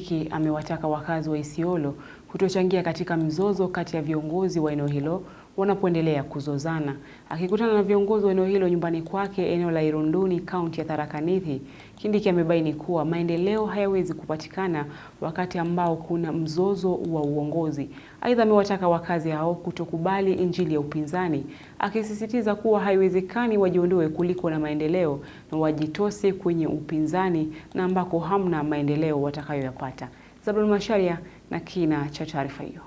Kindiki amewataka wakazi wa Isiolo kutochangia katika mzozo kati ya viongozi wa eneo hilo wanapoendelea kuzozana. Akikutana na viongozi wa eneo hilo nyumbani kwake eneo la Irunduni, kaunti ya Tharaka Nithi, Kindiki amebaini kuwa maendeleo hayawezi kupatikana wakati ambao kuna mzozo wa uongozi. Aidha, amewataka wakazi hao kutokubali injili ya upinzani, akisisitiza kuwa haiwezekani wajiondoe kuliko na maendeleo na wajitose kwenye upinzani na ambako hamna maendeleo watakayoyapata. Zablon Macharia na kina cha taarifa hiyo.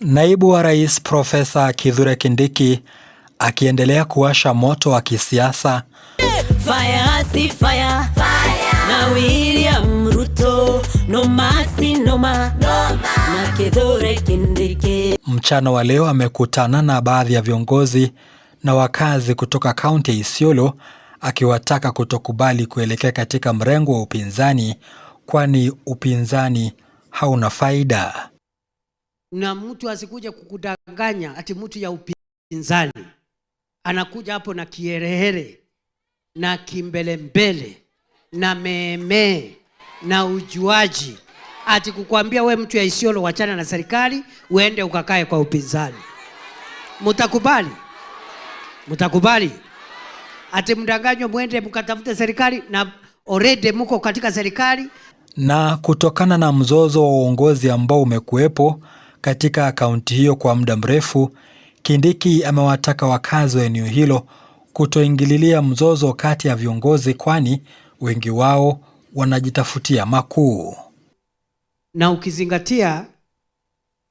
Naibu wa Rais Profesa Kithure Kindiki akiendelea kuwasha moto wa kisiasa mchana wa leo amekutana na baadhi ya viongozi na wakazi kutoka kaunti ya Isiolo akiwataka kutokubali kuelekea katika mrengo wa upinzani kwani upinzani hauna faida na mtu asikuja kukudanganya ati mtu ya upinzani anakuja hapo na kiherehere na kimbelembele na meemee na ujuaji ati kukwambia we mtu ya Isiolo wachana na serikali uende ukakae kwa upinzani. Mutakubali? Mutakubali ati mdanganywe mwende mkatafute serikali na orede muko katika serikali. Na kutokana na mzozo wa uongozi ambao umekuwepo katika akaunti hiyo kwa muda mrefu, Kindiki amewataka wakazi wa eneo hilo kutoingililia mzozo kati ya viongozi, kwani wengi wao wanajitafutia makuu. Na ukizingatia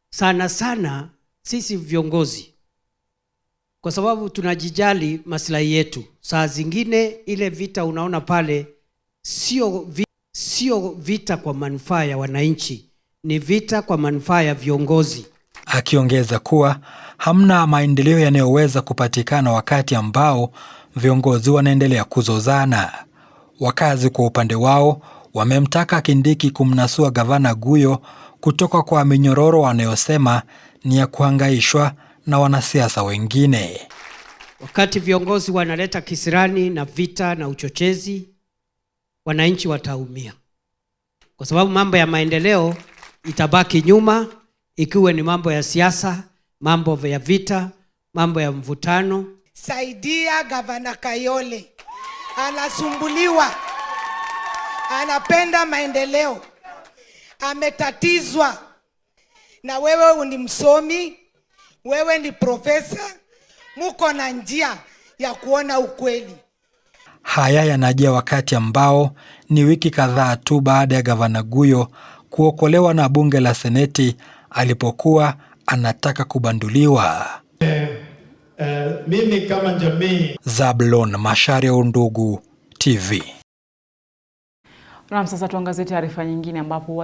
sana sana sisi viongozi, kwa sababu tunajijali maslahi yetu, saa zingine ile vita unaona pale sio vita, sio vita kwa manufaa ya wananchi ni vita kwa manufaa ya viongozi, akiongeza kuwa hamna maendeleo yanayoweza kupatikana wakati ambao viongozi wanaendelea kuzozana. Wakazi kwa upande wao wamemtaka Kindiki kumnasua gavana Guyo kutoka kwa minyororo wanayosema ni ya kuhangaishwa na wanasiasa wengine. Wakati viongozi wanaleta kisirani na vita na uchochezi, wananchi wataumia kwa sababu mambo ya maendeleo itabaki nyuma, ikiwa ni mambo ya siasa, mambo ya vita, mambo ya mvutano. Saidia gavana Kayole, anasumbuliwa, anapenda maendeleo, ametatizwa. Na wewe ni msomi, wewe ni profesa, muko na njia ya kuona ukweli. Haya yanajia wakati ambao ni wiki kadhaa tu baada ya gavana Guyo kuokolewa na bunge la Seneti alipokuwa anataka kubanduliwa. Eh, eh, mimi kama jamii. Zablon Macharia, Undugu TV. sasa tuangazie taarifa nyingine ambapo